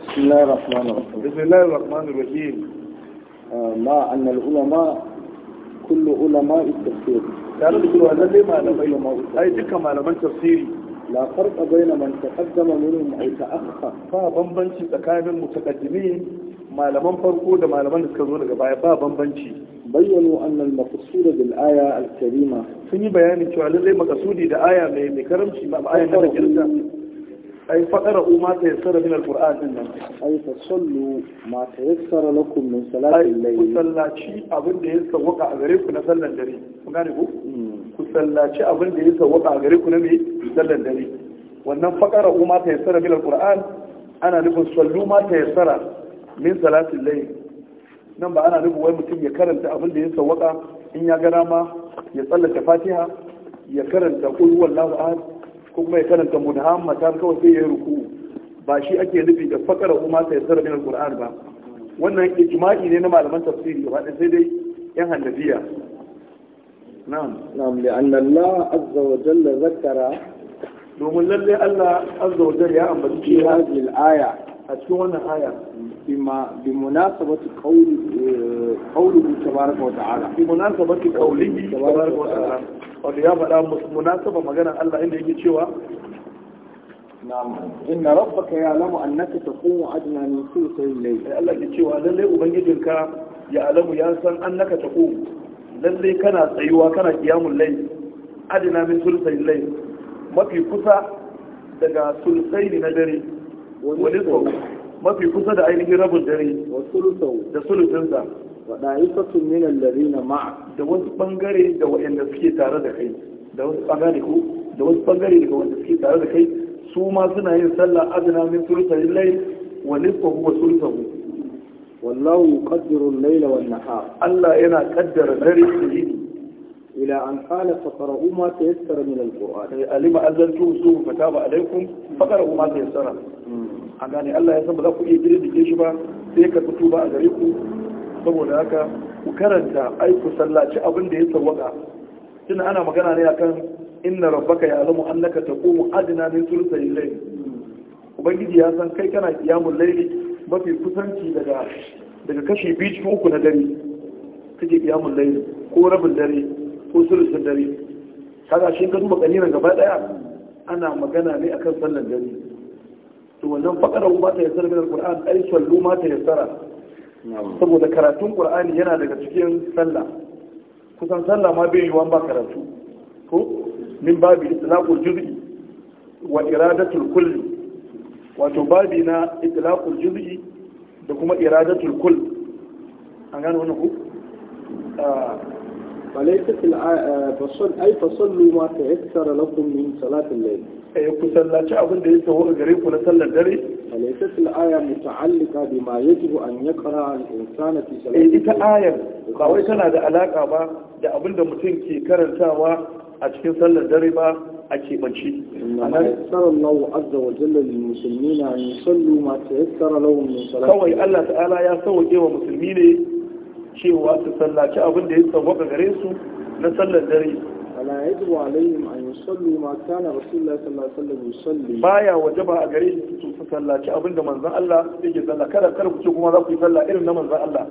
بسم الله الرحمن الرحيم بسم الله الرحمن الرحيم ما أن العلماء كل علماء التفسير قالوا لكل هذا ليه ما لم أي دكة ما لم تفسيري لا فرق بين من تقدم منهم أو تأخر فبنبنش تكاين المتقدمين ما لم فرقوا لما لم نسكزوا لك بنبنش bayyano annal maqsuda bil aya al karima sun yi bayanin cewa lallai maqsudi da aya mai karamci ba aya na kirta ai fadara u ma tayassara min alquran din nan ai fa sallu ma tayassara lakum min salati al-layl ku sallaci abin da ya sawwaka a gare ku na sallan dare ku gane ku ku sallaci abin da ya sawwaka a gare ku na me sallan dare wannan fadara u ma tayassara min alquran ana nufin sallu ma tayassara min salatin al-layl nan ba ana nufin wai mutum ya karanta abin da ya sawwaka in ya gana ma ya tsallaka fatiha ya karanta qul huwallahu ahad ko kuma ya karanta ta kawai sai ya ruku ba shi ake nufi da fakara kuma sai ya sarrafa alquran ba wannan ijma'i ne na malaman tafsiri ba sai dai yan hannabiya na'am na'am anna Allah azza wa jalla zakara domin lalle Allah azza wa jalla ya ambaci shi hadhihi aya a cikin wannan aya bima bi munasabati qawli eh, qawli tabaraka wa ta'ala bi munasabati qawli tabaraka wa ta'ala wato ya faɗa munasaba maganar Allah inda yake cewa inna rabbaka ya'lamu annaka taqumu adna min thuluthay al-layl Allah ke cewa lalle ubangijinka ya alamu ya san annaka taqumu lalle kana tsayuwa kana qiyamul layl adna min thuluthay al-layl mafi kusa daga thuluthay na dare wani mafi kusa da ainihin rabin dare da thuluthay da thuluthinsa waɗa'ifatun min allazina ma'a da wasu bangare da waɗanda suke tare da kai da wasu bangare ko da wasu bangare daga wanda suke tare da kai su ma suna yin sallah adna min thuluthail layl wa nisfahu wa thuluthahu wallahu yuqaddiru al-layla an nahar Allah yana kaddara dare da yini ila an qala qara'u ma tayassara min al-qur'an eh, alima azantu su taba alaykum qara'u ma tayassara hmm. an gane Allah ya san ba za ku iya girgije shi ba sai ka fito ba a gare ku saboda haka ku karanta ai ku sallaci abin da ya sawwaka tunda ana magana ne akan inna rabbaka ya'lamu annaka taqumu adna min thuluthay al-layl ubangiji ya san kai kana qiyamul layli mafi kusanci daga daga kashi biyu cikin uku na dare kake qiyamul layli ko rabin dare ko sulusun dare kaga shi ka duba kalina gaba daya ana magana ne akan sallan dare to wannan fakara ubata ya yassara min al-qur'an ai sallu ma ta yassara saboda karatun qur'ani yana daga cikin sallah kusan sallah ma bai yiwuwa ba karatu ko min babi itlaqul juz'i wa iradatul kulli wato babi na itlaqul juz'i da kuma iradatul kull an gane wannan ku فليست الع... فصل أي فصلوا ما تيسر لكم من صلاة الليل ya kusallaci abin da ya taho gare ku na sallar dare alaysat al-aya muta'alliqa bima yajibu an yaqra al-insana fi salati eh, ita ayar ba wai tana da alaka ba da abin da mutum ke karantawa a cikin sallar dare ba a keɓance. Sallallahu azza wa jalla lil muslimina an yusallu ma tayassara lahum min salati. Kawai Allah ta'ala ya sauke wa musulmi ne cewa su sallaci abin da ya sauwaka gare su na sallar dare. فلا يجب عليهم أن يصلوا ما كان رسول الله صلى الله عليه وسلم يصلي بايا وجب أجريه تصلى كأبن من ذا الله يجي صلى كلا كلا كتوكم هذا في صلى إلنا من ذا الله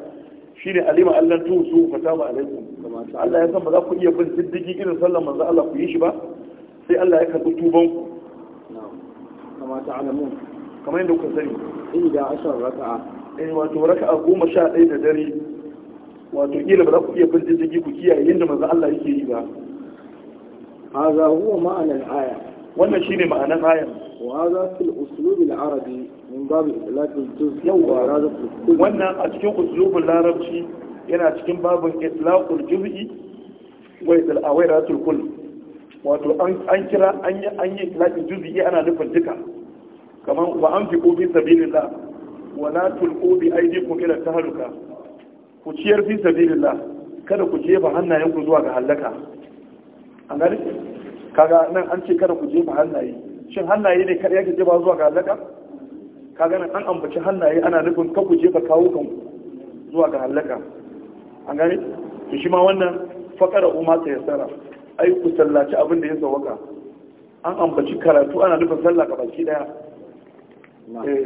shine alima Allah tu su fataba alaikum Allah ya san ba za ku iya bin diddigi irin sallar manzo Allah ku yi shi ba sai Allah ya karbi tuban ku kama ta'lamun kamar yadda kuka sani da ashar raka'a eh wato raka'a goma sha ɗaya da dare wato kila ba za ku iya bin diddigi ku kiyaye yadda manzo Allah yake yi ba هذا هو معنى الآية wannan shine ma'anar ayar wa hadha fil uslub al arabi min bab itlaq al juz yawa wannan a cikin uslubul larabci yana cikin babin itlaq al wato an kira an yi an yi itlaq al juz'i ana nufin duka kamar wa anfiqu fi sabilillah wa la tulqu bi aydikum ta tahluka ku ciyar fi sabilillah kada ku jefa hannayenku zuwa ga halaka an gani kaga nan an ce kada ku jefa hannaye shin hannaye ne kada yake jefa zuwa ga halaka kaga nan an ambaci hannaye ana nufin ka ku jefa kawo kan zuwa ga halaka an gani to shi ma wannan fakara umma ta yasara ai ku sallaci abin da ya sawaka an ambaci karatu ana nufin sallah ga baki daya fa eh.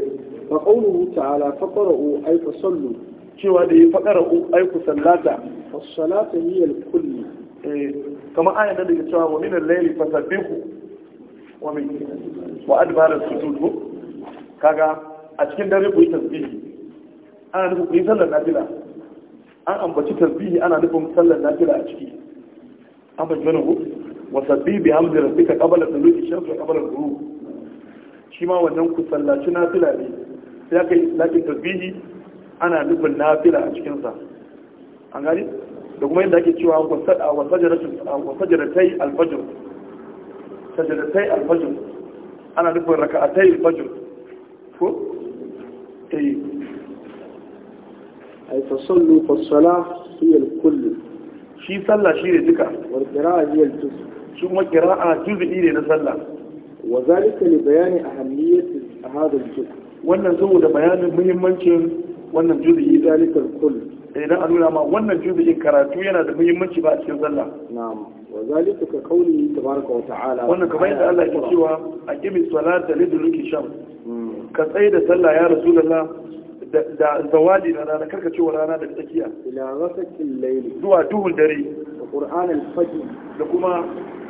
qawluhu ta'ala faqra'u ay fasallu cewa da yi faqra'u ay ku sallata as-salatu hiya al-kulli eh. kamar ayan da daga cewa wa min al-layli fasabbihu wa min wa adbar as-sujud kaga a cikin dare ku yi tasbihi ana nufin ku yi sallar nafila an ambaci tasbihi ana nufin sallar nafila a ciki an bace mana ku wa sabbi bi hamdi rabbika qabla tulu'i shamsi wa qabla ghurub shi ma wannan ku sallaci nafila ne sai aka yi lakin tasbihi ana nufin nafila a cikin sa an gani da kuma yadda ake cewa wa sajaratai alfajir sajaratai alfajir ana nufin raka'atai alfajir ko eh ay fasallu fasala hiya alkull shi sallah shi ne duka wal qira'a hiya aljuz shi kuma qira'a juz'i ne na sallah wa zalika li bayani a hadha aljuz wannan saboda bayanin muhimmancin wannan juz'i zalika alkull idan a nuna ma wannan juzu'in karatu yana da muhimmanci ba a cikin sallah na'am wa zalika ka kauli tabaraka wa ta'ala wannan kamar yadda Allah ya cewa aqimi salata liduluki sham hmm. ka tsaye da sallah ya rasulullah da zawali na rana karka cewa rana da tsakiya ila rasakin layli zuwa duhun dare da qur'an al-fajr da kuma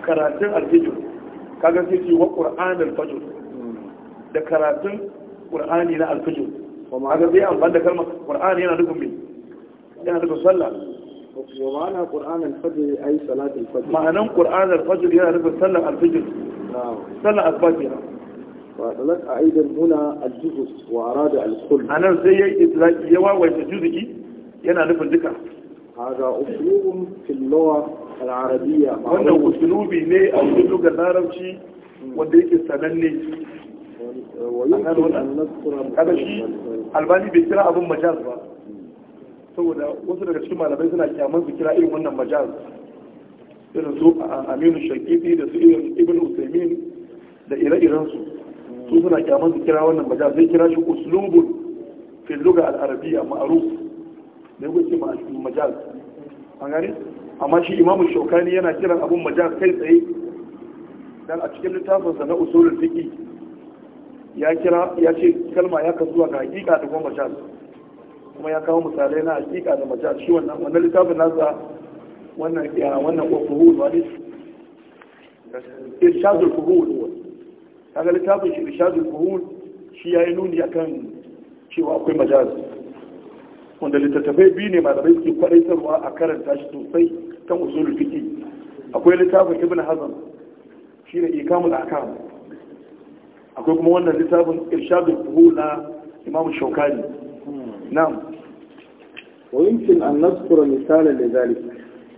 karatun al-fajr kaga sai ce wa qur'an al-fajr hmm. da karatun qur'ani na al-fajr kaga sai amfani da kalmar qur'ani yana nufin me yana rufe sallah ma'anan qur'anul fajr yana rufe sallah al-fajr na'am sallah al-fajr wa dalat aidan huna al-juz wa arada al-kull anan sai ya itlaqi yawa yana rufe duka hada usulun fil lawa al-arabiyya wannan usulubi ne a lugar larabci wanda yake sananne ويمكن أن نذكر أبشي الباني بيصير أبو مجاز بقى. saboda wasu daga cikin malamai suna kyaman su kira irin wannan majaz irin su aminu shakiti da su irin ibn usaimin da ire-iren su su suna kyaman su kira wannan majaz zai kira shi uslubun fil lugha al arabiyya ma'ruf da yake ce majaz an gani amma shi imamu shaukani yana kiran abun majaz kai tsaye dan a cikin littafinsa na usulul fiqh ya kira ya ce kalma ya kasu ga hakika da kuma majaz kuma ya kawo misalai na hakika da a shi wannan wannan littafin nasa wannan ya wannan kuhul wani irshadul kuhul kaga littafin shi irshadul kuhul shi yayi nuni akan cewa akwai majal wanda littattafai biyu ne malamai suke kwadaitarwa a karanta shi sosai kan usulul fiqh akwai littafin ibn hazm shi ne ikamul akam akwai kuma wannan littafin irshadul kuhul na imam shaukani na'am wa yumkin an nazkura misalan da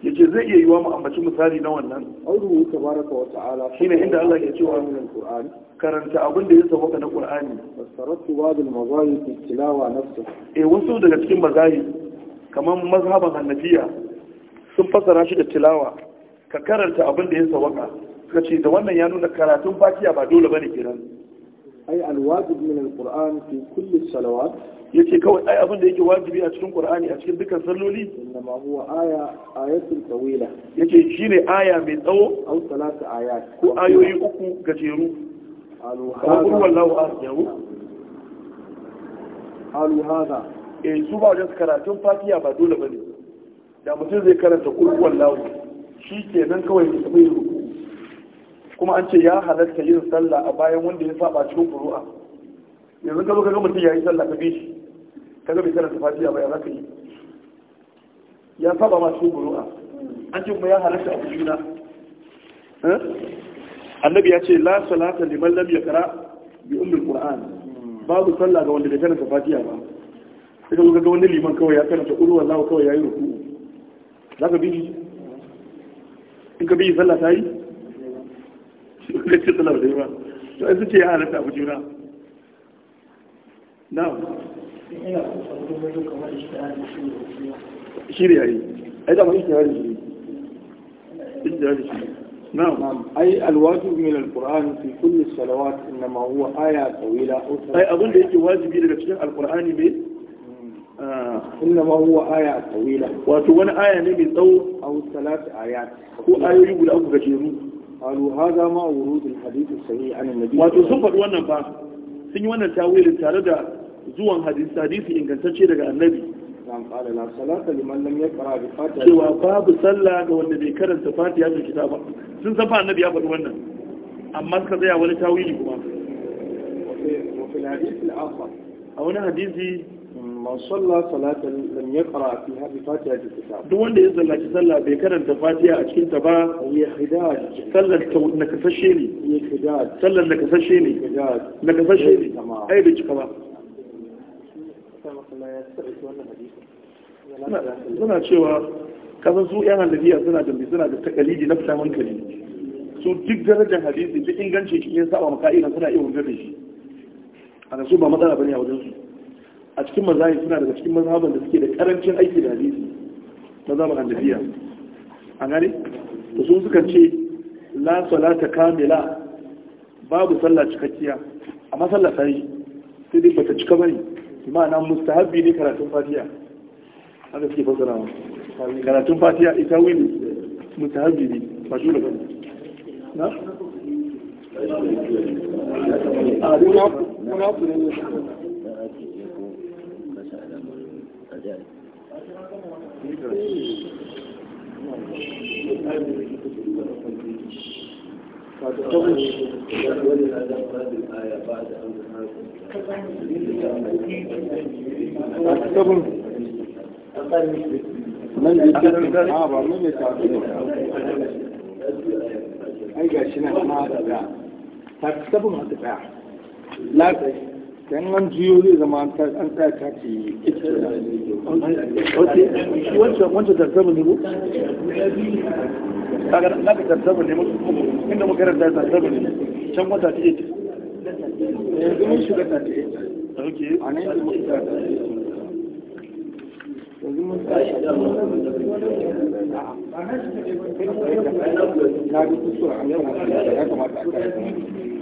yace zai iya yiwa mu misali na wannan auru tabaraka wa ta'ala shine inda Allah ke cewa min alqur'ani karanta abin da ya sauka na qur'ani fasaratu ba'd al-mazahib fi tilawa nafsi eh wasu daga cikin mazahib kamar mazhaban hanafiya sun fasara shi da tilawa ka karanta abin da ya sauka suka da wannan ya nuna karatun Fatiya ba dole ba ne kiran ai alwajib min alquran fi kulli salawat yake kawai ai abin da yake wajibi a cikin qur'ani a cikin dukkan salloli innama huwa aya ayatul tawila yake shine aya mai tsawo aw salatu ayat ko ayoyi uku gajeru alu hada wallahu ahdahu alu hada eh su ba wajen karatun fatiha ba dole bane da mutum zai karanta qul shi kenan kawai ya tafi kuma an ce ya halatta yin sallah a bayan wanda ya saba cikin kuru'a yanzu ka zo ka ga mutum ya yi sallah ka bi shi ka ga bai da fatiya ba ya za ka yi ya saba ma cikin kuru'a an ce kuma ya halatta a kujina eh? annabi ya ce la salata liman lam yaqra bi ummul qur'an babu sallah ga wanda bai karanta fatiya ba sai ka ga wani liman kawai ya karanta qul wallahu kawai yayi ruku zaka bi shi in ka bi sallah ta yi zai نعم أي الواجب من القرآن في كل الصلوات إنما هو آية طويلة أي أظن أنك واجب من القرآن به إنما هو آية طويلة وتكون آية نبي أو أو ثلاث آيات هو آية يقول أبو بجيرون قالوا هذا ما ورود الحديث الصحيح عن النبي sun faɗi wannan ba sun yi wannan tawilin tare da zuwan hadisi hadisi ingantacce daga annabi nan qala la salata liman lam yaqra bi fatiha cewa babu sallah ga wanda bai karanta fatiha da kitaba sun san fa annabi ya faɗi wannan amma suka tsaya wani tawili kuma a wani hadisi من صلى صلاة لم يقرأ فيها بفاتحة الكتاب دو wanda ya sallaci sallah bai karanta fatiha a cikin ta ba ya khidaj sallar ta na kasashe ne ya khidaj sallar na kasashe ne na kasashe ne ai bai cika ba suna cewa kasan su yan halabiya suna da suna da takalidi na fita hankali su duk darajar hadisi duk inganci cikin saba maka'idan suna iya wanda da shi a su ba matsala bane a wajen su a cikin mazahib suna daga cikin mazhaban da suke da karancin aiki da hadisi mazhaban annabiya an gane to sun suka ce la salata kamila babu sallah cikakkiya amma sallah sai sai dai bata cika bane ma'ana mustahabbi ne karatun fatiha haka suke fassara karatun fatiha ita wani mustahabbi ne ba shi bane na a duk wani abu ne من يتعبد آبا أي قاشنا ما تباع تكتبهم هتباع لا kan an jiyo zai zama an tsaya ta ce wancan wancan tartaba ne mu? na ka tartaba ne inda makaranta tartaba ne can wata ce yanzu mun shiga ta ce ok a nan yanzu mun shiga ta ce yanzu mun da ya kamata a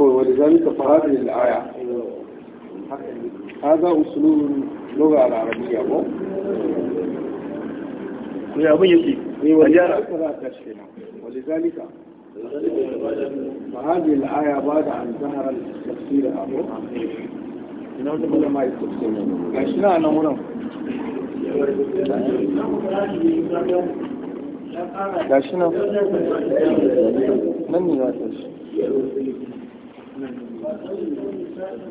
ولذلك فهذه الآية هذا أسلوب اللغة العربية يا أبو ولذلك فهذه الآية بعد أن ظهر التفسير أبو ina shi na nan wurin shi nan nan ne za ta shi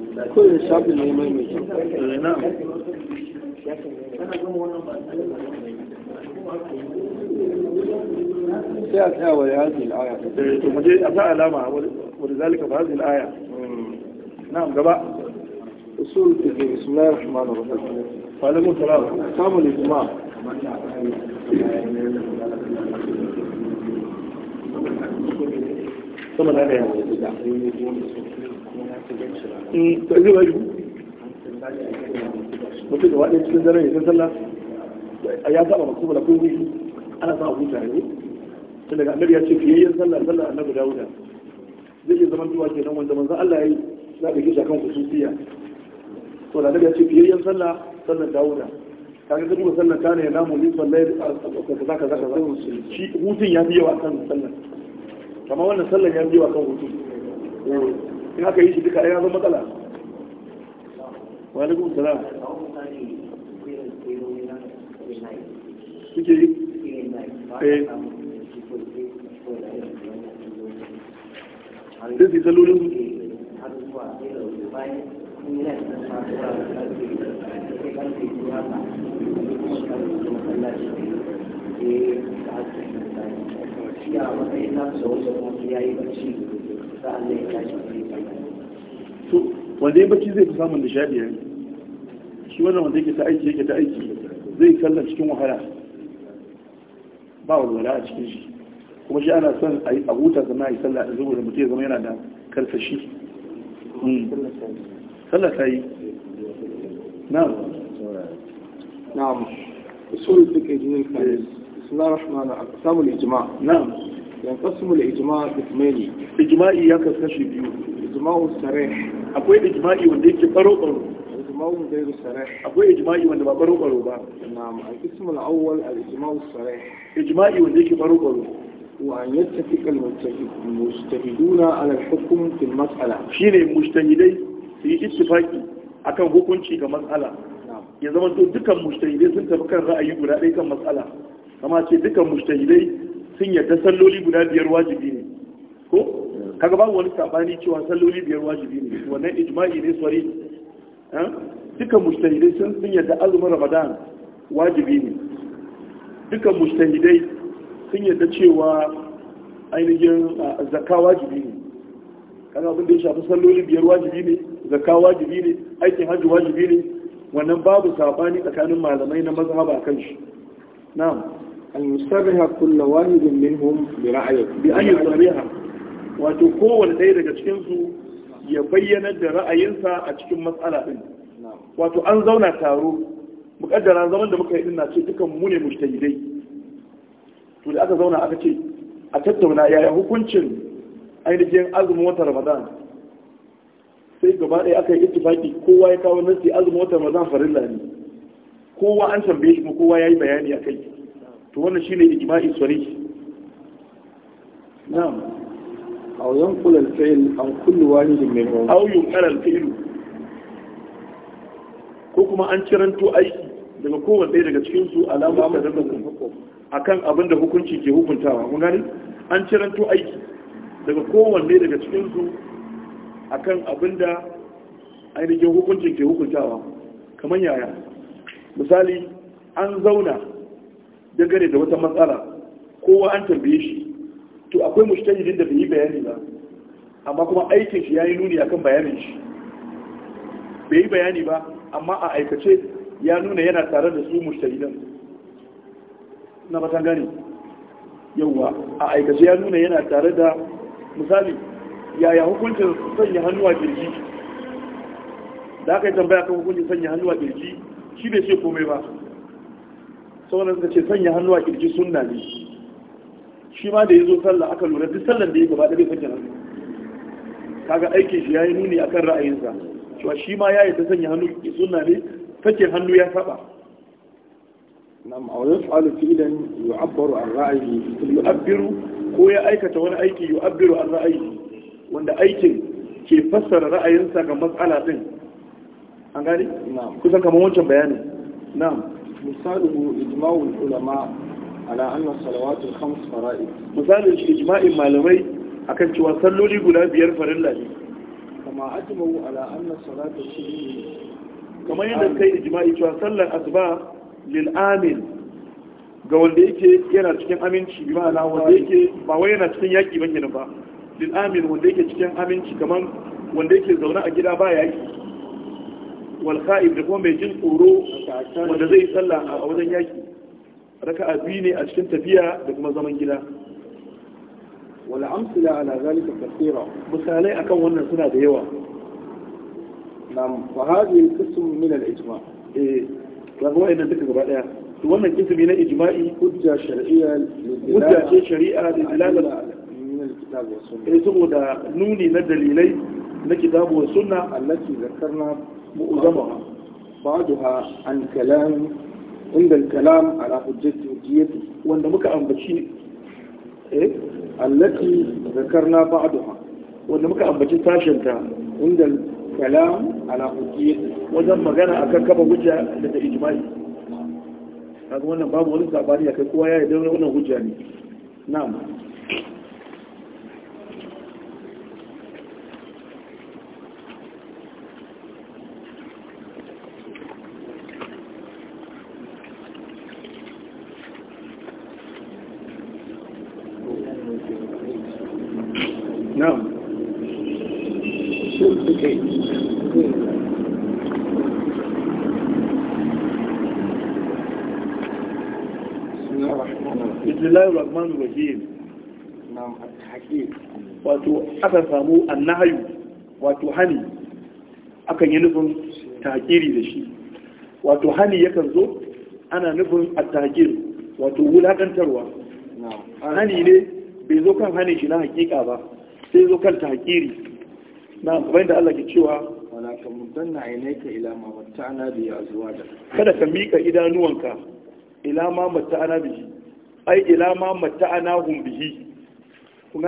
kawai shafi ne mai mai eh, sai a tsaya wa yaji al'aya eh, to Muje je a sa alama wa zalika ba hadhihi al'aya hmm. na'am gaba أصول في بسم يعني إيه، يعني. الله الرحمن الرحيم فعلموا ثلاثة أحكام الإجماع ولكن يجب ان يكون هناك to da daga ce biyayyen sallah sallar dawuda kaga ka duba sallar kana ya namu ni sallar ka kaza kaza kaza. shi hutun ya fi wa kan sallar kamar wannan sallar ya fi wa kan hutun eh, in aka yi shi duka ya zama matsala wa alaikum salam suke yi eh sai su yi sallolin wanda ya bacci zai fi samun nishadi yanzu shi wannan wanda yake ta aiki yake ta aiki zai sallar cikin wahala ba walwala a cikin shi kuma shi ana son a huta zama a yi sallah da saboda mutum ya zama yana da karsashi sallah نعم نعم أصول الفكر usul الخامس إيه. بسم الله الرحمن الرحيم أقسام الإجماع نعم ينقسم الإجماع قسمين إجماعي يا كسكشي بيو إجماع صريح أكو إجماعي وندي كبرو برو إجماع غير صريح أكو إجماعي وندي برو برو نعم القسم الأول الإجماع الصريح إجماعي وندي كبرو برو وأن يتفق المجتهدون على الحكم في المسألة شيء مجتهدين su yi ittifaki akan hukunci ga matsala ya zama to dukan mujtahidai sun tafi kan ra'ayi guda ɗaya kan matsala kama ce dukan mujtahidai sun yarda salloli guda biyar wajibi ne ko kaga babu wani sabani cewa salloli biyar wajibi ne wannan ijma'i ne sori eh? dukan mujtahidai sun sun yarda azumin ramadan wajibi ne dukan mujtahidai sun yarda cewa ainihin ah, zakka wajibi ne kana abin da ya shafi salloli biyar wajibi ne zakka wajibi ne aikin hajji wajibi ne wannan babu sabani tsakanin malamai na mazhaba kan shi na'am al-mustabiha kullu wahidin minhum bi ra'ayi bi an yusbiha wato kowanne ɗaya daga cikin su ya bayyana da ra'ayinsa a cikin matsala din wato an zauna taro mukaddara zaman da muka yi din na ce dukan mu ne mujtahidai to da aka zauna aka ce a tattauna yaya hukuncin ainihin azumin watan ramadan sai gaba ɗaya aka yi ittifaki kowa ya kawo nasi azumin watan ramadan farilla ne kowa an tambaye shi kowa ya yi bayani a kai to wannan shine ijma'i sori na'am aw yanqul al-fi'l an wahid min minhum aw yunqal al-fi'l ko kuma an ciranto aiki daga kowanne daga cikin su alama da daga akan abin da hukunci ke hukuntawa kun gani an ciranto aiki daga kowanne daga cikinsu a kan abin da ainihin hukuncin ke hukuntawa kamar yaya misali an zauna dangane da wata matsala kowa an tambaye shi to akwai mushtahidin da bai yi bayani ba amma kuma aikin shi ya yi nuni akan bayanin shi bai yi bayani ba amma a aikace ya nuna yana tare da su mushtahidan na matan gani yauwa a aikace ya nuna yana tare da misali yaya hukuncin sanya hannu a kirji da aka yi tambaya kan hukuncin sanya hannu a kirji shi bai ce komai ba sauran suka ce sanya hannu a kirji na ne shi ma da ya zo sallah aka lura duk sallan da ya gaba ɗaya sanya hannu kaga aikin shi ya yi nuni a kan ra'ayinsa cewa shi ma ya yi ta sanya hannu suna ne sakin hannu ya saba nam aw yaf'alu fi'lan yu'abbaru an ra'ayi yu'abbiru ko ya aikata wani aiki yu'abbiru an ra'ayi wanda aikin ke fassara ra'ayinsa ga matsala din an gani kusan kamar wancan bayanin na'am misalu ijma'ul ulama ala anna salawatul khams fara'id misalin ijma'in malamai akan cewa salloli guda biyar farilla ne kama ajma'u ala anna salatul kamar yadda kai ijma'i cewa sallar asuba lil'amin ga wanda yake yana cikin aminci bi ma'ana wanda yake ba wai yana cikin yaƙi ba kenan ba lil'amin wanda yake cikin aminci kamar wanda yake zaune a gida ba yaƙi wal kha'ib da kuma mai jin tsoro wanda zai sallah a wajen yaƙi raka'a biyu ne a cikin tafiya da kuma zaman gida wal amsila ala zalika kathira misalai akan wannan suna da yawa nam fa hadhihi al-qism min al-ijma' eh. kaga nan duka gaba daya to wannan na ijma'i hujja hujja ce shari'a da dilalal eh saboda nuni na dalilai na kitabu wa sunna allati zakarna mu'zama ba'daha an kalam inda kalam ala hujjati hujjati wanda muka ambaci eh allati zakarna ba'daha wanda muka ambaci sashen ta inda kalam ala hujjiyyah wajen magana akan kafa hujja daga ijma'i kaga wannan babu wani sabani akai kowa ya yarda wannan hujja ne na'am wato aka samu annahayu wato hani akan yi nufin takiri da shi wato hani yakan zo ana nufin attakir wato wulakantarwa hani ne bai zo kan hani shi na hakika ba sai zo kan takiri na kamar da Allah ke cewa wana ka ilama ainaka ana ma matta'ana zuwa da kada ka mika idanuwanka ilama ma ana bihi ai ilama ma ana hun bihi kun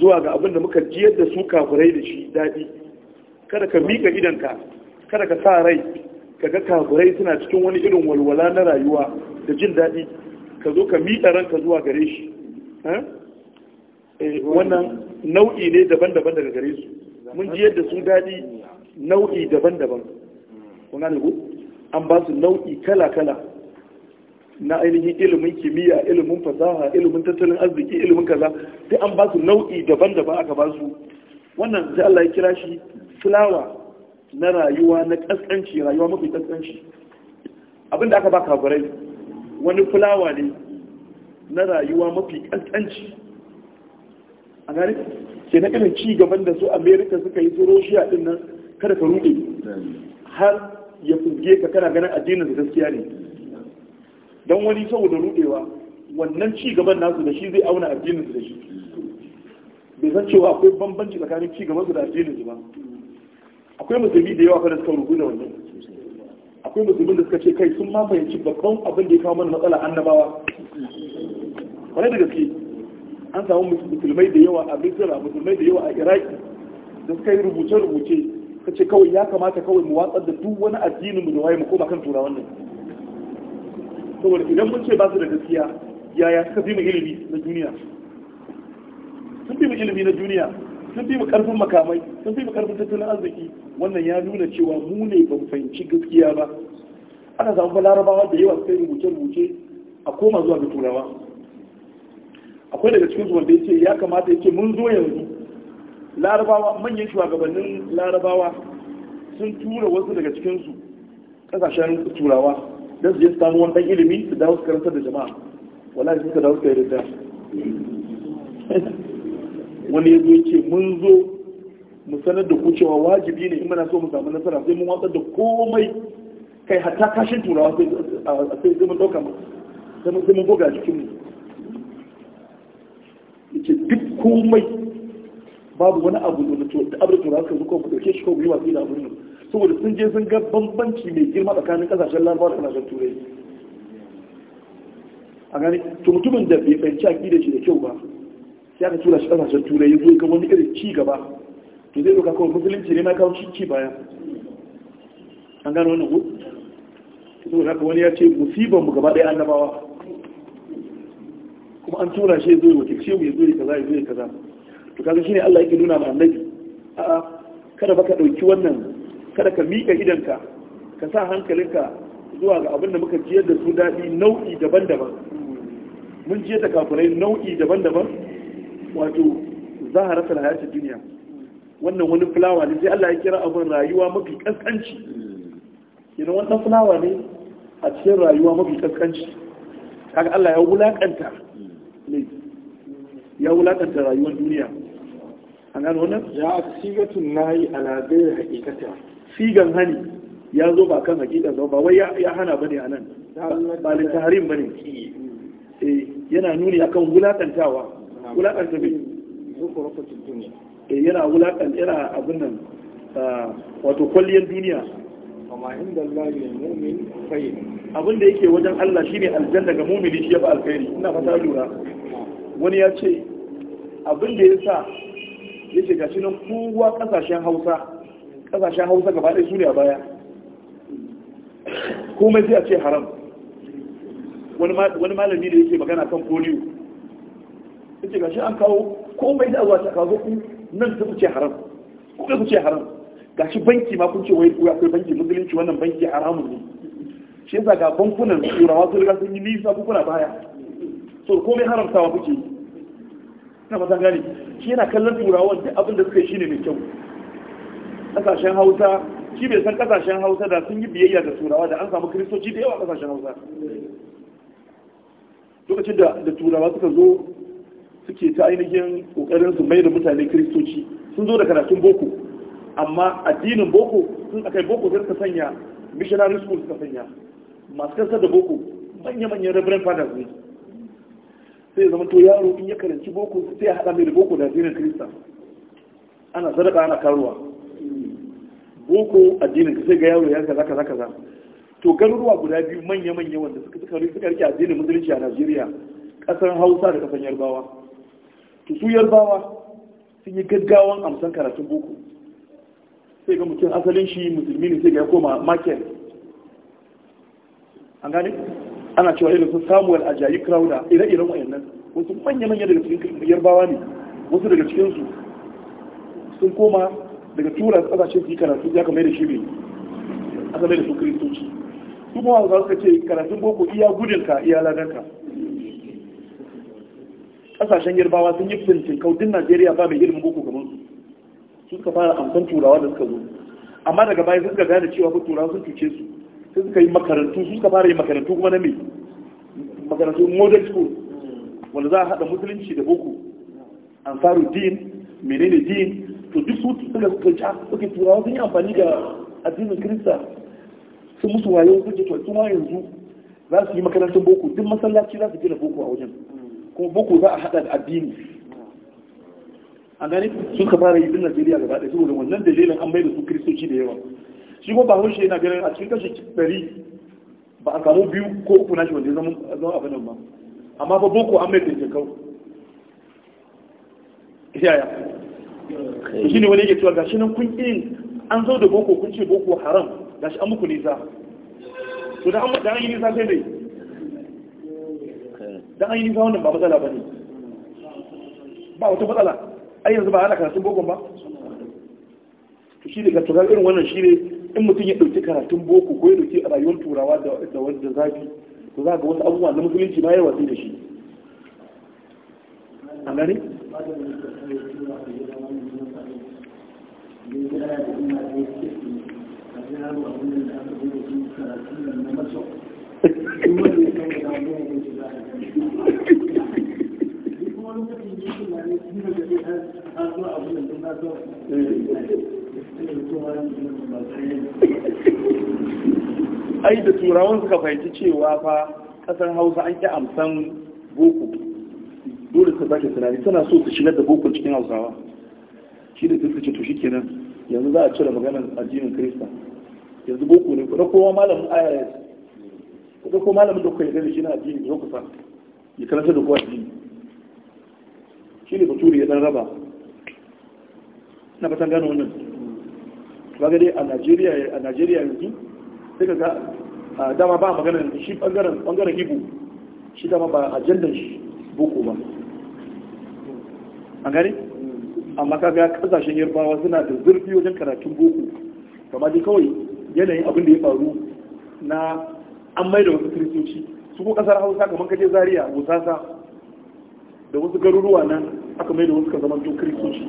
zuwa ga abinda muka jiyar da su kafirai da shi daɗi kada ka miƙa idanka kada ka sa rai ka ga kafirai suna cikin wani irin walwala na rayuwa da jin daɗi ka zo ka miƙa ranka zuwa gare shi eh? Eh, wannan nau'i ne daban-daban daga gare su mun jiyar da su daɗi nau'i daban-daban kun ku an ba su nau'i kala-kala na ainihin ilimin kimiyya ilimin fasaha ilimin tattalin arziki ilimin kaza sai an ba su nau'i daban-daban aka ba su wannan sai Allah ya kira shi fulawa na rayuwa na kaskanci rayuwa mafi kaskanci abinda aka ba kafirai wani fulawa ne na rayuwa mafi kaskanci a gari ke na irin ci gaban da su Amerika suka yi su roshiya din nan kada ka rude har ya fuge ka kana ganin addinin da gaskiya ne don wani saboda rudewa wannan ci gaban nasu da shi zai auna addinin da shi bai san cewa akwai bambanci tsakanin ci gaban su da addinin su ba akwai musulmi da yawa fa suka rubuta wannan akwai musulmin da suka ce kai sun ma fahimci babban abin da ya kawo mana matsala annabawa kwarai da gaske an samu musulmai da yawa a misira musulmai da yawa a iraki da suka yi rubuce-rubuce ka ce kawai ya kamata kawai mu watsar da duk wani addinin mu da waye mu koma kan turawan nan saboda idan mun ce ba su da gaskiya yaya suka fi mu ilimi na duniya sun fi mu ilimi na duniya sun fi mu karfin makamai sun fi mu karfin tattalin arziki wannan ya nuna cewa mu ne ban fahimci gaskiya ba ana samu larabawa da yawa sai rubuce-rubuce a koma zuwa ga turawa akwai daga cikin su wanda ya ce ya kamata ya ce mun zo yanzu larabawa manyan shugabannin larabawa sun tura wasu daga cikinsu kasashen turawa don su yi samu wani ɗan ilimi su dawo su karanta da jama'a wala su suka dawo su yarda wani ya zo ce mun zo mu sanar da ku cewa wajibi ne in muna so mu samu nasara sai mun watsar da komai kai hatta kashin turawa sai sai mun dauka sai mun goga jikin mu yace duk komai babu wani abu da turawa ka zo ko ku dauke shi ko mu yi watsi da abun nan saboda sun je sun ga bambanci mai girma tsakanin kasashen larabawa da kasashen turai a gani to mutumin da bai fahimci aƙida shi da kyau ba sai aka tura shi kasashen turai ya zo ga wani irin ci gaba to zai doka kawai musulunci ne ma kawo ci baya an gano wannan ko saboda haka wani ya ce musibanmu mu gaba ɗaya annabawa kuma an tura shi ya zo ya ce mu ya zo ya kaza ya zo ya kaza to kaga shine Allah yake nuna ma annabi a'a kada baka dauki wannan kada ka miƙa idanka ka sa hankalinka zuwa ga abinda muka jiyar da su daɗi nau'i daban-daban mun jiyar da kafirai nau'i daban-daban wato zahara ta hayatun duniya wannan wani fulawa ne sai Allah ya kira abin rayuwa mafi kaskanci yana wannan fulawa ne a cikin rayuwa mafi kaskanci kaga Allah ya wulakanta ne ya wulakanta rayuwar duniya an gano wannan ya sigatun nayi ala ghayr haƙiƙata. sigan hani ya zo ba kan hakikar ba wai ya hana bane a nan ba taharin bane eh, yana nuni akan wulakantawa wulakanta bai eh, yana wulakan yana abin nan ah, wato kwalliyar duniya abin da yake wajen Allah shine aljanna ga mumini shi ya ba alkhairi ina fata lura wani ya ce abin da ya sa ya ce gashi nan kowa kasashen hausa kasashen hausa gaba ɗaya su ne a baya komai sai a ce haram wani malami da yake magana kan polio ce gashi an kawo komai da zuwa ta kawo ku nan ta ce haram ku ka ce haram gashi banki ma kun ce wai ku akwai banki musulunci wannan banki haramun ne shi yasa ga bankunan turawa sun riga sun yi nisa kuna baya so komai haramtawa kuke na fata gane shi yana kallon turawan duk abin da suka yi shine mai kyau kasashen hausa shi bai san kasashen hausa da sun yi biyayya da turawa da an samu kiristoci da yawa kasashen hausa lokacin da turawa suka zo suke ta ainihin kokarin su mai da mutane kiristoci sun zo da karatun boko amma addinin boko sun akai boko sai suka sanya missionary school suka sanya masu kansa da boko manya-manyan reverend fathers ne sai zama to yaro in ya karanci boko sai ya haɗa mai da boko da addinin kirista ana sadaka ana karuwa boko addinin sai ga yaro ya kaza kaza kaza to garuruwa guda biyu manya manya wanda suka suka suka rike addinin musulunci a Najeriya kasar Hausa da kasar Yarbawa to su Yarbawa sun yi gaggawan amsan karatun boko sai ga mutum asalin shi musulmi ne sai ga ya koma market an gane ana cewa irin su samuel ajayi crowder ire-iren wayannan wasu manya-manya daga cikin yarbawa ne wasu daga cikinsu sun koma daga tura kasashe su yi karatu ya kamar da shi ne aka mai da su kiristoci kuma kuma za su ce karatun boko iya gudunka iya ladanka kasashen yarbawa sun yi fintin kautin najeriya ba mai girman boko kamar su su suka fara amsan turawa da suka zo amma daga baya suka gane cewa ko turawa sun cuce su sai suka yi makarantu su suka fara yi makarantu kuma na mai makarantu modern school wanda za a haɗa musulunci da boko ansaru din menene din to duk su suka ja suka turawa sun yi amfani da addinin kirista sun musu wayo suke to kuma yanzu za su yi makarantar boko duk masallaci za su gina boko a wajen kuma boko za a haɗa da addini a gani sun ka fara yi din najeriya gaba ɗaya saboda wannan dalilin an mai da su kiristoci da yawa shi kuma shi yana ganin a cikin kashi ɗari ba a samu biyu ko uku shi wanda ya zama abin nan ba amma ba boko an mai da jikau yaya shi ne wani yake cewa gashi nan kun yi an zo da boko kun ce boko haram gashi an muku nisa to da an yi nisa sai dai da an yi nisa wannan ba matsala ba ne ba wata matsala ai yanzu ba ana karatun boko ba to shi daga turar irin wannan shi ne in mutum ya ɗauki karatun boko ko ya ɗauki rayuwar turawa da wanda zafi to za ga wasu abubuwa na musulunci ba ya wasu da shi a gani. da ina da ya ai da turawan suka fahimci cewa fa kasar hausa an ƙi amsan boko dole ta sake tunani tana so su shigar da boko cikin hausawa shi da suka ce to shi kenan yanzu za a cire maganar addinin kirista yanzu boko ne kuma kowa malamin ayaya kuma kowa malamin da kuka yarda shi na addini ya kusa ya karanta da kowa addini shi ne baturi ya dan raba na fatan gano wannan ba ga dai a Najeriya a Najeriya yanzu sai ka ga dama ba maganar shi bangaren bangaren shi dama ba ajandan shi boko ba an gane amma kaga kasashen yarbawa suna da zurfi wajen karatun boko kamar dai kawai yanayin abin da ya faru na an mai da wasu kiristoci su ko kasar hausa kamar kaje zaria musasa da wasu garuruwa nan aka mai da wasu kazaman to kiristoci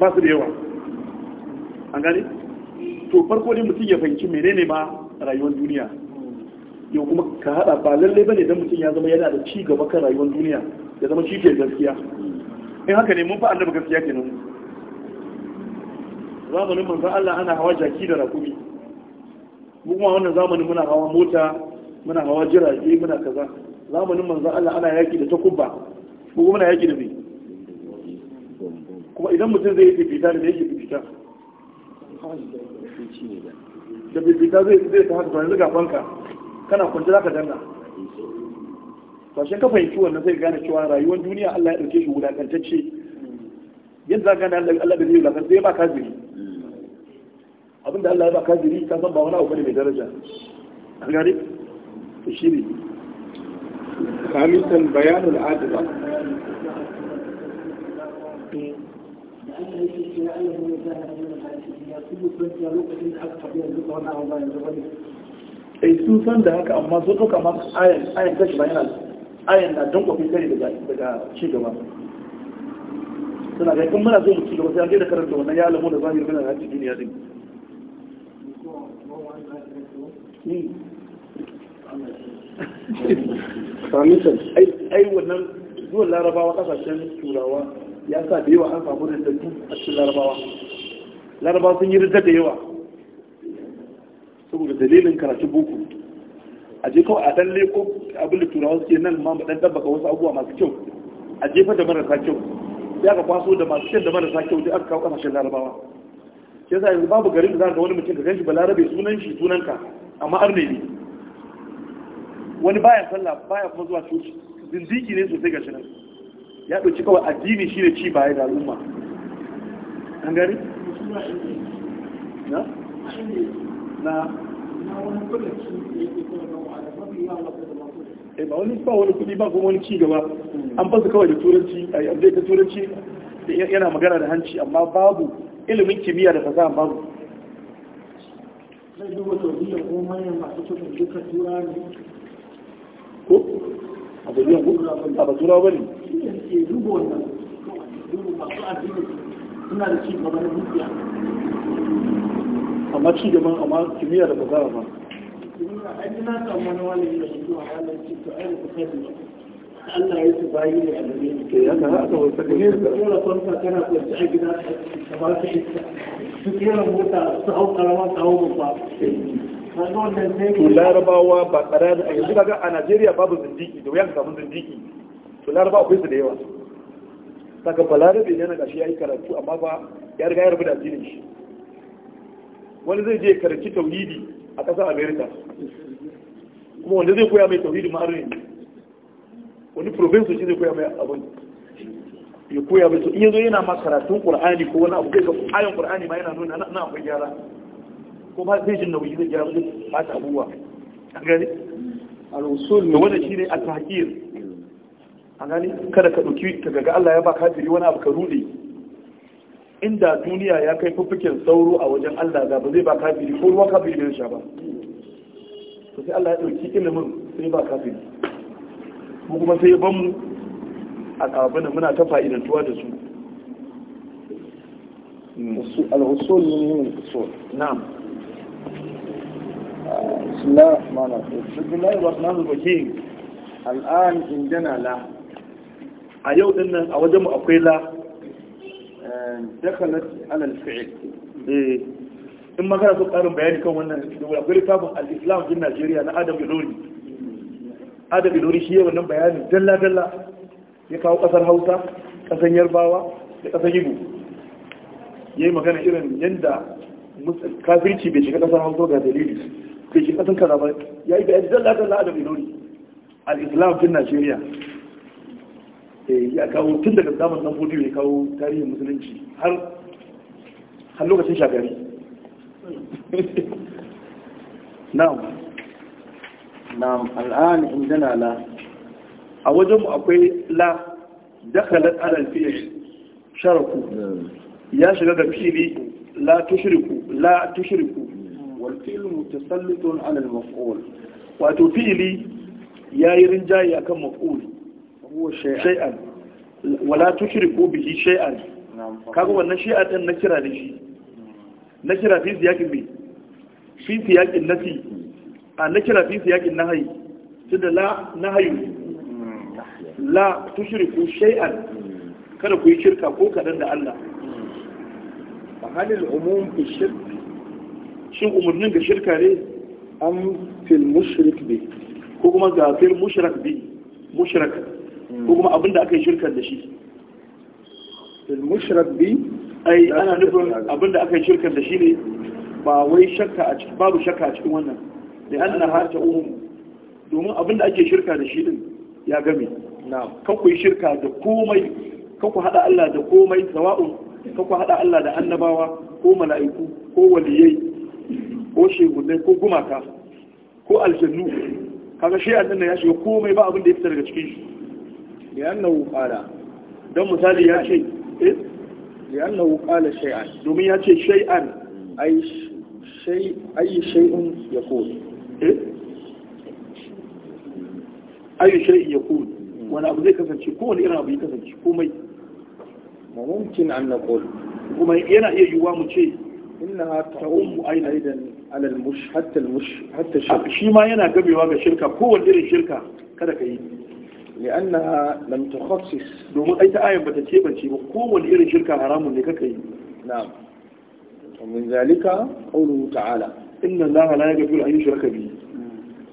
ba su da yawa an gane to farko ne mutum ya fahimci menene ma rayuwar duniya yau kuma ka hada ba lallai bane dan mutum ya zama yana da ci gaba kan rayuwar duniya ya zama shi ke gaskiya in haka ne mun fa annabi gaskiya nan. zamanin manzo Allah ana hawa jaki da rakumi mu kuma wannan zamanin muna hawa mota muna hawa jirage muna kaza zamanin manzo Allah ana yaki da takubba mu kuma muna yaki da me kuma idan mutum zai yi fita da yake fita da fita zai zai ta haka ba yanzu banka, kana kwance zaka danna to shi ka fahimci wannan sai gane cewa rayuwar duniya Allah ya dauke shi wulakantacce yadda gane Allah da zai wulakanta sai ba kafiri abinda Allah ya ba kafiri ka san ba wani abu bane mai daraja an gane to shi ne kamitan bayanul adaba ai eh, sun san da haka amma sun ɗauka masu ayan tashi bayan ayan na don kwafin kare daga cigaba. gaba suna ga kun muna zo mu ci gaba sai an da karanta wannan ya alamu da zahiri muna na cikin ya din fahimtar ai wannan zuwan larabawa kasashen turawa ya sa da yawa an samu da a cikin larabawa larabawa sun yi rizar da yawa saboda dalilin karatu boko a je kawai a dan leko abin da turawa suke nan ma mu dan tabbaka wasu abubuwa masu kyau a jefa da marasa kyau sai aka kwaso da masu kyau da marasa kyau duk aka kawo kasashen larabawa shi yasa yanzu babu garin da za ka wani mutum ka ganshi balarabe sunan shi sunanka amma arne ne wani baya sallah baya kuma zuwa coci zindiki ne sosai ga shi nan ya ɗauki kawai addini shi ne ci baya da al'umma an gari? na? na wani kwallon shi ne eh ba wani ba wani kudi ba kuma wani ci gaba an fasa kawai da turanci a yanzu ta turanci yana magana da hanci amma babu ilimin kimiyya da fasaha babu zai duba tauhiyya ko manyan masu kudin duka tura ne ko a tauhiyya ko a ba tura bane ke duba wannan duba masu addini suna da ci gaba na dukiya amma ci gaba, amma kimiyya da fasaha ba an na samu wani wani da shi zuwa ranar ci to ai ku kai Allah ya su bayi ne a gare ni ke yana haka wata ne su kera kwanta kana kwanci a gida ka ba su iska su kera mota su hau karama su hau babba larabawa ba tsara a yanzu a Najeriya babu zindiki da wuyan samu zindiki to larabawa akwai su da yawa saka balarabe ne na gashi ya yi karatu amma ba ya riga ya rabu da addinin shi wani zai je karanci tauhidi a ƙasar america kuma wanda zai koya mai tauhidi ma'arin wani provinsu shi zai koya mai abin ya koya mai in yanzu yana ma karatun qur'ani ko wani abu kai ga ayan ƙul'ani ma yana nuna na akwai gyara ko ba zai jin wuyi zai gyara wani ba ta a gani gani rusul da wani shi ne a tahir a gani kada ka ɗauki ka ga Allah ya ba k'a kafiri wani abu ka rude inda duniya ya kai fufukin sauro a wajen Allah da ba zai ba kafiri ko ruwan kafiri da sha ba to sai Allah ya dauki ilimin sai ba kafiri mu kuma sai ban mu a kafin muna ta tuwa da su hmm. al-usul min al-usul na'am بسم الله الرحمن الرحيم بسم الله الرحمن الرحيم الآن عندنا لا a yau dinnan nan a wajenmu akwai la dakalat alal fi'il eh. in ma kana so karin bayani kan wannan dubu littafin al-islam din Najeriya na Adam Ilori Adam Ilori shi ya wannan bayani dalla dalla ya kawo kasar Hausa kasar Yarbawa da kasar Igbo yayi magana irin yanda kafirci bai shiga kasar Hausa ga dalili bai shiga kasar kaza ba yayi bayani dalla dalla Adam Ilori al-islam din Najeriya Eh, ya kawo tun daga zaman nan fodiyo ya kawo tarihin musulunci har lokacin shagari na'am na'am al'an indana la a wajenmu akwai la dakalar alal fiye sharaku ya shiga ga fili la tushiriku la tushriku wal mu mutasallitun ala al maf'ul wato fi'li yi rinjaye akan maf'ul huwa shay'an wala tushriku bihi shay'an kaga wannan shay'an din na kira da shi na kira fi siyakin bi fi siyakin nafi a na kira fi siyakin nahayi tunda la nahayu la tushriku shay'an kada ku yi shirka ko kadan da Allah fa halil umum fi shirk shin umurnin ga shirka ne am fil mushrik bi ko kuma ga fil mushrik bi mushrik ko kuma abinda aka yi shirkar da shi mushrak bi ai ana nufin abinda aka yi shirkar da shi ne ba wai shakka a cikin babu shakka a cikin wannan da an na harta uhum domin abinda ake shirka da shi din ya game kan ku yi shirka da komai kan ku hada Allah da komai sawa'un kan ku hada Allah da annabawa ko mala'iku ko waliyai ko shegunai ko gumaka ko aljannu kaga shi annan ya shiga komai ba abin da ya fita daga cikin shi li'annahu qala don misali ya ce li'annahu qala shay'an domin ya ce shay'an ay shay ay shay'un yaqul ay shay'in yaqul wani abu zai kasance kowane irin abu ya kasance komai mumkin an naqul kuma yana iya yiwuwa mu ce innaha ta'ummu aidan alal mush hatta al mush hatta shi ma yana gabewa ga shirka kowanne irin shirka kada ka yi لأنها لم تخصص دومون أي آية بتتيبا تيبا قوة لإيري شركة حرام لككي نعم ومن ذلك قوله تعالى إن الله لا يغفر أن يشرك به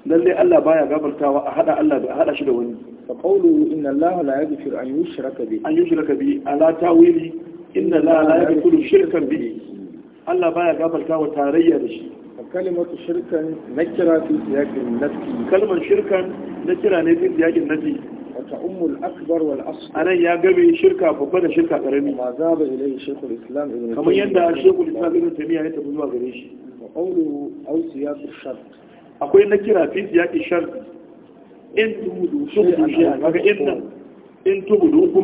للي ألا بايا قبل تاوى أحد ألا أحد شد وني فقوله إن الله لا يغفر أن يشرك به أن يشرك به ألا تاويلي إن الله لا يغفر شركا به ألا بايا قبل تاوى تاريا لشي كلمة شركا نكرة في سياق النفي كلمة شركا نكرة في سياق النفي wata akbar wal asl ya gabe shirka babba da shirka karami ma kamar yadda shekul islam ibn tamiya ya tafi zuwa gare shi akwai na kira fi siyaq shart in tubudu shukru shay'an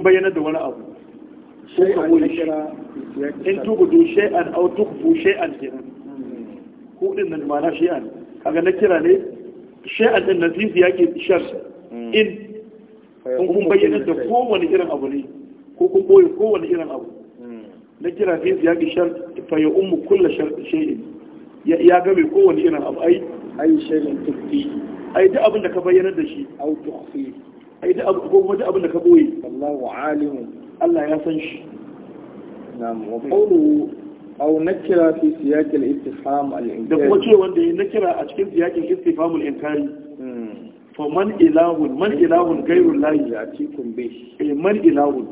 bayyana da wani abu in tubudu shay'an aw tukhfu shay'an kenan hmm. ko din nan ma'ana kaga na kira ne na kun kun bayyana da kowane irin abu ne ko kun boye kowane irin abu hmm. na kira fi ya bi shar fa ya ummu kullu shar shay'in ya game kowane irin abu ai ai shay'in tukfi ai duk abin da ka bayyana da shi au tukfi ai duk abu ko kuma duk abin da ka boye Allahu alimu Allah ya san shi na'am wa qawlu aw nakira fi siyaq al-istifham al-inkari da kuma ce wanda ya nakira a cikin siyaq al-istifham al-inkari fa man ilahun man ilahun gairun lahi a cikin bai eh man ilahun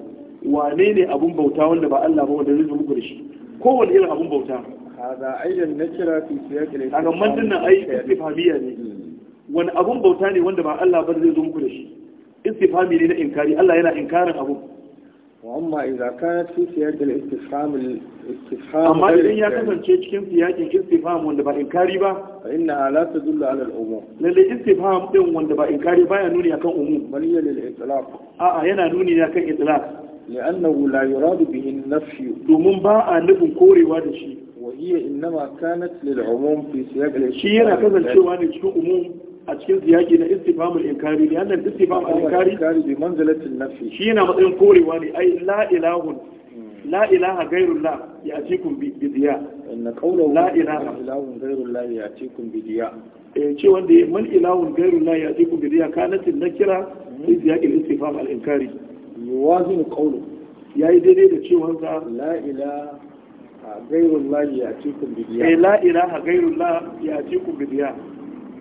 wane ne abun bauta wanda ba Allah ba wanda zai muku da shi kowane irin abun bauta Kaza hada na kira fi siyaqi al kaga man dinnan ai istifhamiya ne hmm. wani abun bauta ne wanda ba Allah ba zai zo muku da shi istifhami ne na inkari Allah yana inkarin abun amma idan kana fi siyar da istifham istifham amma idan ya kasance cikin siyakin istifham wanda ba inkari ba fa inna la tadullu ala al-umum lalle istifham din wanda ba inkari baya nuni akan umum bal ya lil itlaq a a yana nuni ne akan itlaq li'annahu la yuradu bihi an-nafy domin ba a nufin korewa da shi wa hiya shi yana kasancewa ne cikin a cikin siyaki na istifamul inkari ne annan istifamul inkari bi manzilatin nafi shi yana matsayin korewa ne ai la ilahun la ilaha ghairullah ya'tikum bi diya inna qawlu la ilaha ilahun ghairullah ya'tikum bi diya eh ce wanda ya man ilahun ghairullah ya'tikum bi diya kanat nakira hmm. fi siyaqi istifham al inkari yuwazin qawlu yayi daidai da cewa la ilaha ghairullah ya'tikum bi diya eh la ilaha ghairullah ya'tikum bi diya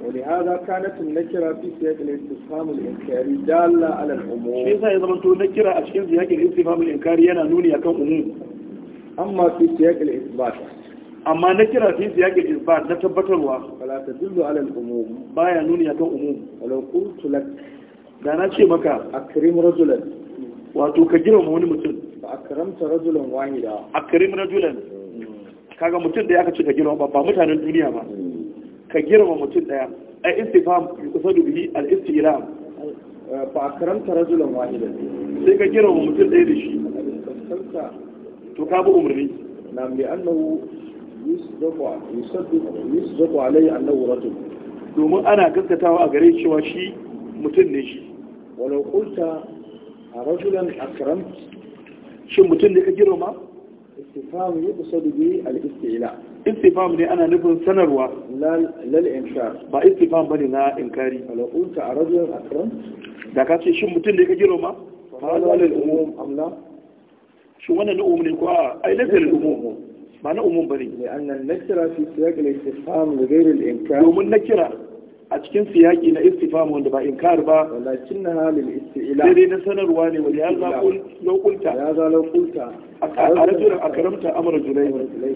ولهذا كانت النكرة في سياق الاستفهام الإنكاري دالة على العموم شيء سيد من تقول نكرة أشكال سياق الاستفهام الإنكاري أنا نوني أكون أموم أما في سياق الإثبات أما نكرة في سياق الإثبات نتبت الله فلا تدل على العموم يا نوني أكون أموم ولو قلت لك da شيء مكا. maka رجلا. واتو wato ka girma wani mutum ba akramta rajulan wahida akrim rajulan kaga mutum da ya ka ce ka girma ba mutanen duniya ba كجرم ومتدى أي انتفام يقصد به الاستئلام فأكرمت رجلا واحدا سيكا جرم ومتدى أي تكاب أمري نعم لأنه يصدق علي أنه رجل دوما أنا قد تتاوى أغريت شواشي متدى ولو قلت رجلا أكرمت شو متدى كجرم استفهام يقصد به الاستئلام istifam ne ana nufin sanarwa lal inkar ba istifam bane na inkari alaqul akram da ka ce shin mutum da ka giro ma fa'ala umum amla shin wannan na umum ne ko a ai laysa lil umum ba na umum bane ne annan nakira fi istifam ghayr al inkar nakira a cikin siyaki na istifam wanda ba inkar ba walakin na halin isti'ila sai na sanarwa ne wani ya laukulta ya za laukulta a rajulun a karamta amara julai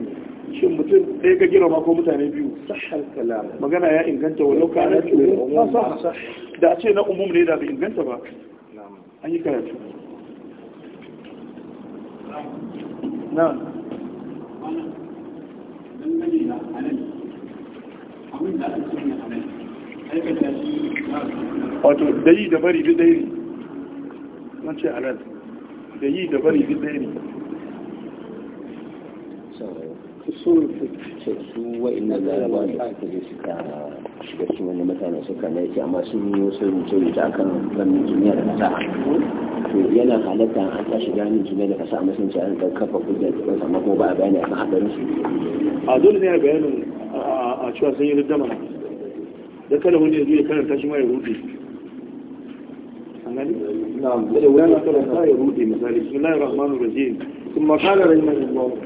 shin mutum ɗaya ga girma ko mutane biyu magana ya inganta wa lauka na da a ce na umum ne da bai inganta ba an yi karatu na abin da ake sanya a wato da yi da bari duk ɗaya wance halal da yi da bari su da shiga amma sun yi wasu a kan duniya da to yana halatta an tashi duniya da an kafa da kuma ba a bayani a haɗarin su a dole ne a bayanin a cewa sun yi da kada wani yanzu zo ya karanta shi ma ya rude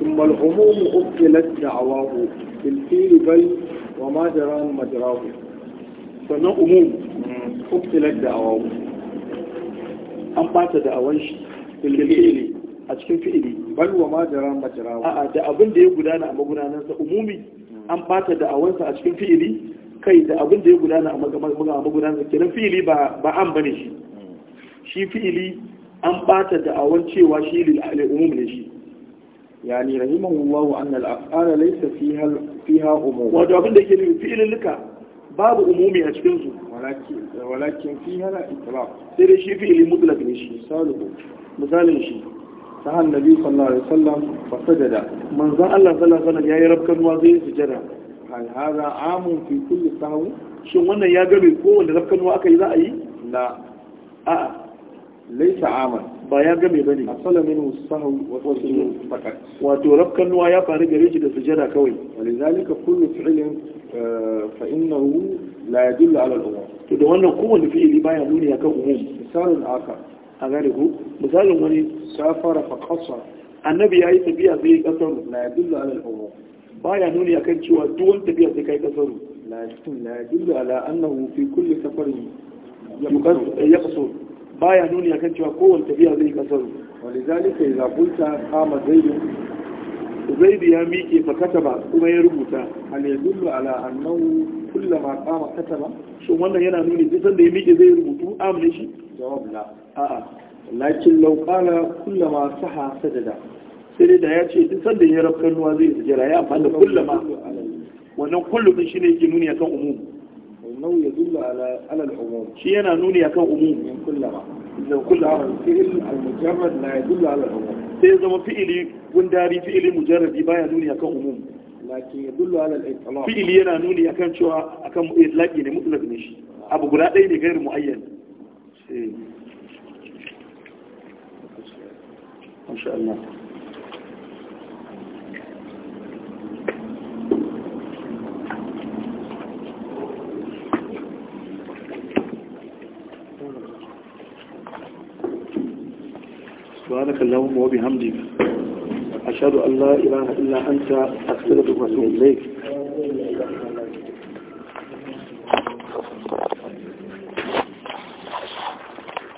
ثم الهموم أبدلت دعواه بالفيل بل وما جرى مجراه sannan umum uktilar da an bata da awon shi a cikin fi'ili bal wa ma jara majara hmm, A'a da abin ya gudana a magunanansa umumi an bata da'awansa a cikin fi'ili kai da abin da ya gudana a magudanarsa kenan fi'ili ba an bane shi shi fi'ili an bata da'awan cewa shi lil'umum ne shi yani rahimahullahu anna al-af'ala laysa fiha fiha umum wato abin da ke nufi fi'ilin luka babu umumi a cikin su walakin walakin fiha al-itlaq sai dai shi fi'ili mutlaq ne shi misalin shi sahal nabi sallallahu alaihi wasallam fa sajada manzon Allah sallallahu alaihi wasallam yayi rabkan wa zai sujada hal hada amun fi kulli sahwi shin wannan ya gabe ko wanda rabkan wa aka yi za a yi la a laisa aman ba ya gabe bane asala min sahwi wa sujud fakat wato rabkan wa ya faru gare shi da sujada kawai walizalika kullu fi'lin eh, fa innahu la yadullu ala al-umum to da wannan kowanne fi'ili baya nuni akan umum misalun akar a gane misalin wani safara fa kasa annabi ya yi tafiya zai yi kasaru la yadullu ala al'umma ba ya nuni akan cewa duk wani tafiya zai kai kasaru la yadullu ala annahu fi kulli safarin ba ya eh, nuni akan cewa kowanne tafiya zai yi kasaru walizalika idza qulta qama zaidun زيد يا ميكي فكتب كما يربوتا هل يدل على أنه كلما قام Shin wannan yana nuni نوني da ya miƙe zai rubutu? آمني shi. jawab la a'a lakin law qala kullama saha sajada sai da ya ce duk sanda ya rabu nuwa zai sujjara ya amfani da kullama wannan kullum din shine yake nuni akan umum nau ya zulla ala al-umum shi yana nuni akan umum min kullama idan kullama fi'il al-mujarrad la yadullu ala al-umum sai zama fi'ili gundari fi'ili mujarradi baya nuni akan umum lakin yadullu ala al-itlaq fi'ili yana nuni akan cewa akan idlaqi ne mutlaq ne shi abu guda ɗaya ne gairu muayyan ما إيه. شاء الله سبحانك اللهم وبحمدك أشهد أن لا إله إلا أنت أستغفرك وأتوب إليك